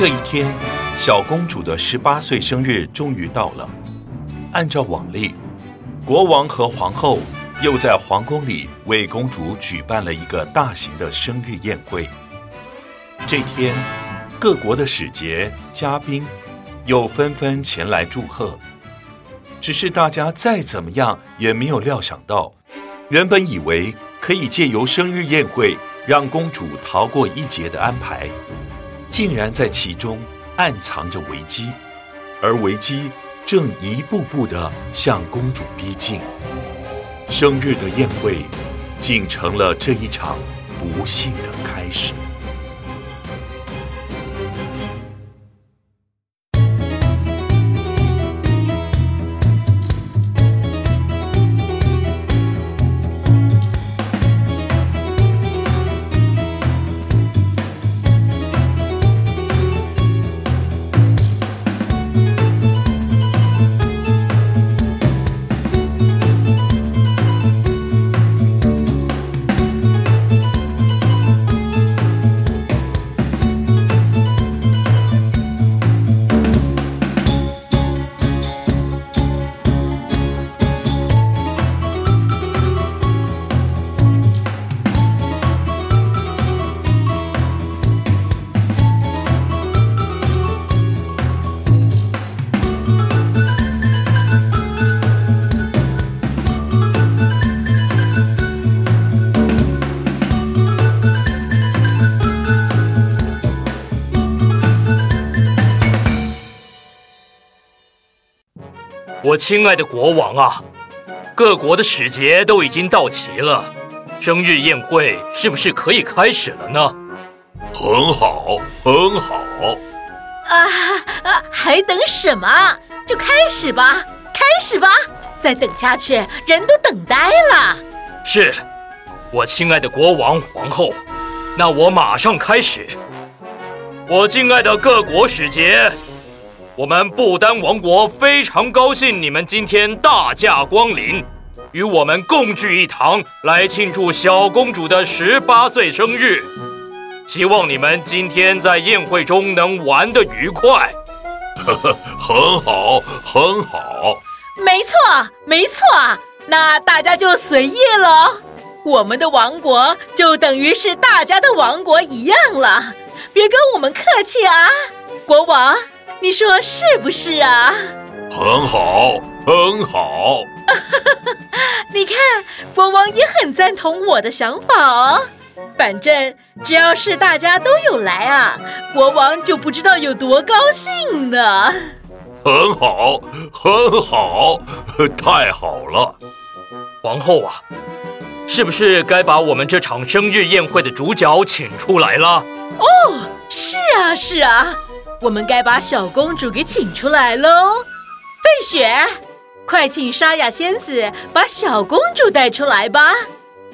這一天，小公主的十八歲生日終於到了。按照往例，國王和皇后又在皇宮裡為公主舉辦了一個大型的生日宴會。這天，各國的使節、嘉賓又紛紛前來祝賀。只是大家再怎麼樣也沒有料想到，原本以為可以借由生日宴會讓公主逃過一劫的安排。竟然在其中暗藏着危機，而危機正一步步地向公主逼近。生日的宴會，竟成了這一場不幸的開始。我親愛的國王啊，各國的使節都已經到齊了，生日宴會是不是可以開始了呢？很好，很好。啊啊，還等什麼？就開始吧，開始吧！再等下去，人都等呆了。是，我親愛的國王、皇後，那我馬上開始。我敬愛的各國使節。我們不丹王國非常高興你們今天大駕光臨，與我們共聚一堂，來慶祝小公主的十八歲生日。希望你們今天在宴會中能玩得愉快。呵呵，很好，很好。沒錯，沒錯。那大家就隨意了，我們的王國就等於是大家的王國一樣了，別跟我們客氣啊，國王。你說是不是啊？很好，很好。 你看，國王也很贊同我的想法哦。反正只要是大家都有來啊，國王就不知道有多高興呢。很好，很好，太好了。皇後啊，是不是該把我們這場生日宴會的主角請出來了？哦，是啊，是啊。我們該把小公主給請出來嘍，貝雪，快請沙雅仙子把小公主帶出來吧。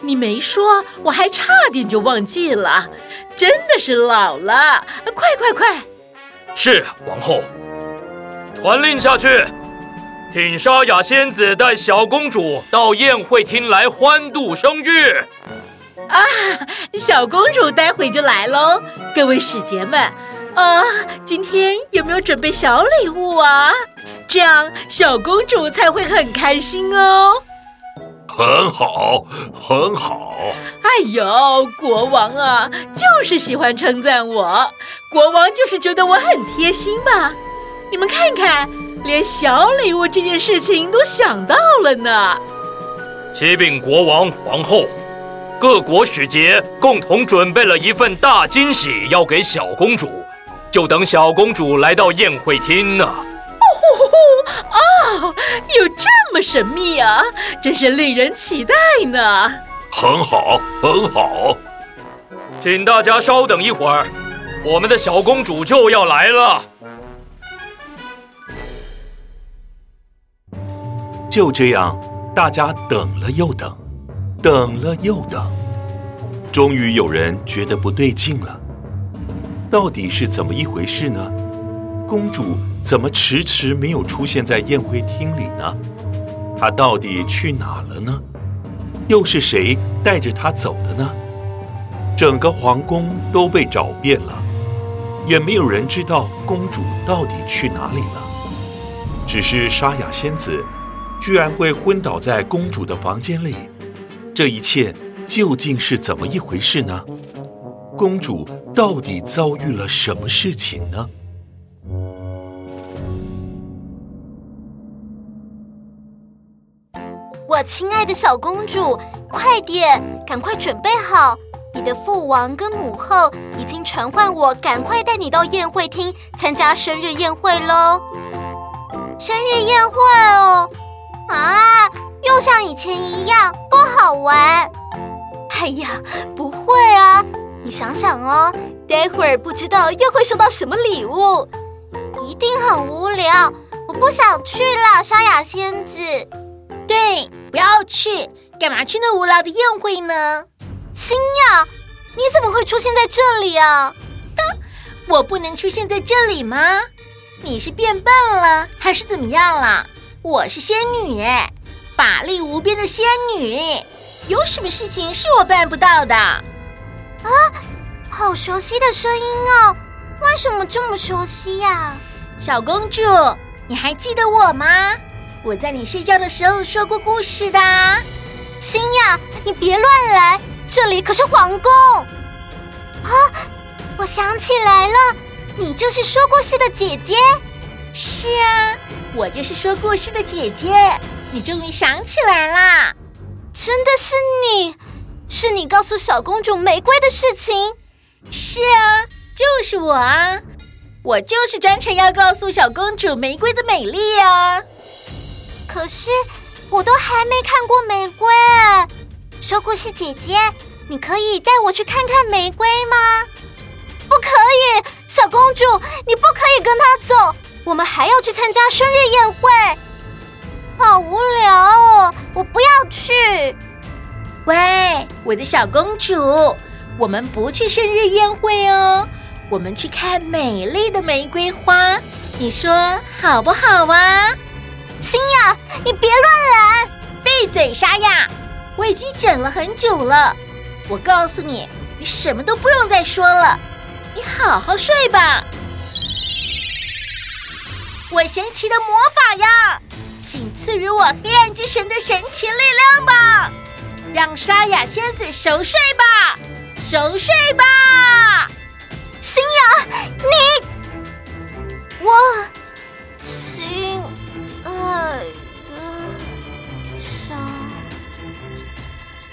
你沒說，我還差點就忘記了，真的是老了。快快快，是王後，傳令下去，請沙雅仙子帶小公主到宴會廳來歡度生日。啊，小公主待會就來嘍，各位使節們。啊，今天有沒有準備小禮物啊？這樣小公主才會很開心哦。很好，很好。哎呦，國王啊，就是喜歡稱讚我。國王就是覺得我很貼心吧？你們看看，連小禮物這件事情都想到了呢。啟稟國王、皇後，各國使節共同準備了一份大驚喜，要給小公主。就等小公主來到宴會廳呢。哦吼吼吼！啊、哦，有這麼神秘啊，真是令人期待呢。很好，很好，請大家稍等一會兒，我們的小公主就要來了。就這樣，大家等了又等，等了又等，終於有人覺得不對勁了。到底是怎麼一回事呢？公主怎麼遲遲沒有出現在宴會廳裡呢？她到底去哪了呢？又是誰帶着她走的呢？整個皇宮都被找遍了，也沒有人知道公主到底去哪裡了。只是沙雅仙子居然會昏倒在公主的房間裡，這一切究竟是怎麼一回事呢？公主到底遭遇了什麼事情呢？我親愛的小公主，快點，趕快準備好！你的父王跟母後已經傳喚我，趕快帶你到宴會廳參加生日宴會嘍！生日宴會哦，啊，又像以前一樣，不好玩！哎呀，不會啊！你想想哦，待會兒不知道又會收到什麼禮物，一定很無聊。我不想去了，沙雅仙子。對，不要去，幹嘛去那無聊的宴會呢？星耀，你怎麼會出現在這裡啊？哼，我不能出現在這裡嗎？你是變笨了還是怎麼樣了？我是仙女哎，法力無邊的仙女，有什麼事情是我辦不到的？啊，好熟悉的聲音哦，為什麼這麼熟悉呀、啊？小公主，你還記得我嗎？我在你睡覺的時候說過故事的。星呀，你別亂來，這裡可是皇宮。啊，我想起來了，你就是說故事的姐姐。是啊，我就是說故事的姐姐。你終於想起來了。真的是你。是你告訴小公主玫瑰的事情？是啊，就是我啊，我就是專程要告訴小公主玫瑰的美麗啊。可是我都還沒看過玫瑰啊，說故事姐姐，你可以帶我去看看玫瑰嗎？不可以，小公主，你不可以跟她走，我們還要去參加生日宴會，好無聊哦，我不要去。喂，我的小公主，我們不去生日宴會哦，我們去看美麗的玫瑰花，你說好不好啊？星雅，你別亂來。閉嘴，沙啞，我已經忍了很久了。我告訴你，你什麼都不用再說了，你好好睡吧。我神奇的魔法呀，請賜予我黑暗之神的神奇力量吧。讓沙雅仙子熟睡吧，熟睡吧，星瑤，你，我，親愛的，小、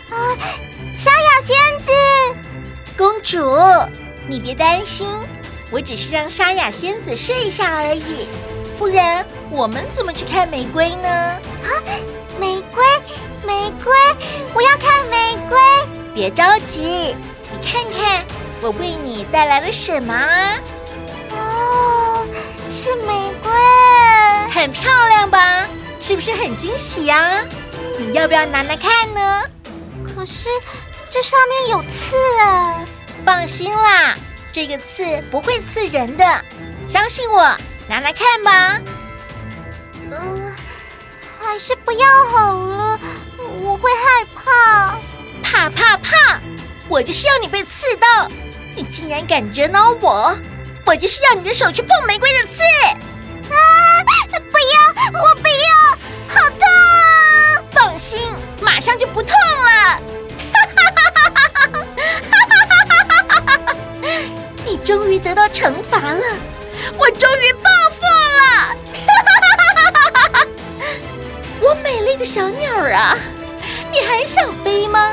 呃，啊、呃，沙、呃、雅仙子，公主，你別擔心，我只是讓沙雅仙子睡一下而已，不然我們怎麼去看玫瑰呢？啊，玫瑰。玫瑰，我要看玫瑰。別着急，你看看我為你帶來了什麼？哦，是玫瑰，很漂亮吧？是不是很驚喜呀？啊？嗯、你要不要拿來看呢？可是這上面有刺啊，放心啦，這個刺不會刺人的，相信我，拿來看吧。嗯、呃，還是不要好了。我就是要你被刺到，你竟然敢惹惱我！我就是要你的手去碰玫瑰的刺！啊！不要！我不要！好痛啊！放心，馬上就不痛了。哈哈哈哈哈哈哈哈！哈哈哈哈哈哈！你終於得到懲罰了，我終於報復了！哈哈哈哈哈哈！我美麗的小鳥啊，你還想飛嗎？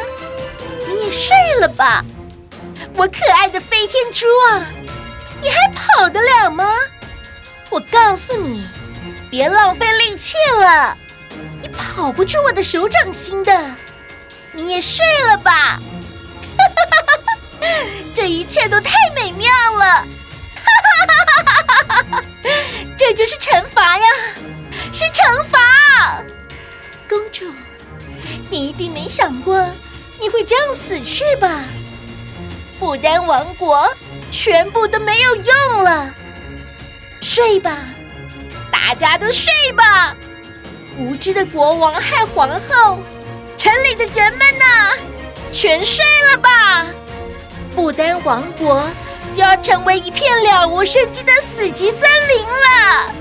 你也睡了吧，我可愛的飛天豬啊，你還跑得了嗎？我告訴你，別浪費力氣了，你跑不出我的手掌心的。你也睡了吧，哈哈哈哈！這一切都太美妙了，哈哈哈哈！這就是懲罰呀，是懲罰。公主，你一定沒想過。就這樣死去吧，不丹王國全部都沒有用了。睡吧，大家都睡吧。無知的國王害皇後，城裡的人們吶、啊，全睡了吧。不丹王國就要成為一片了無生機的死寂森林了。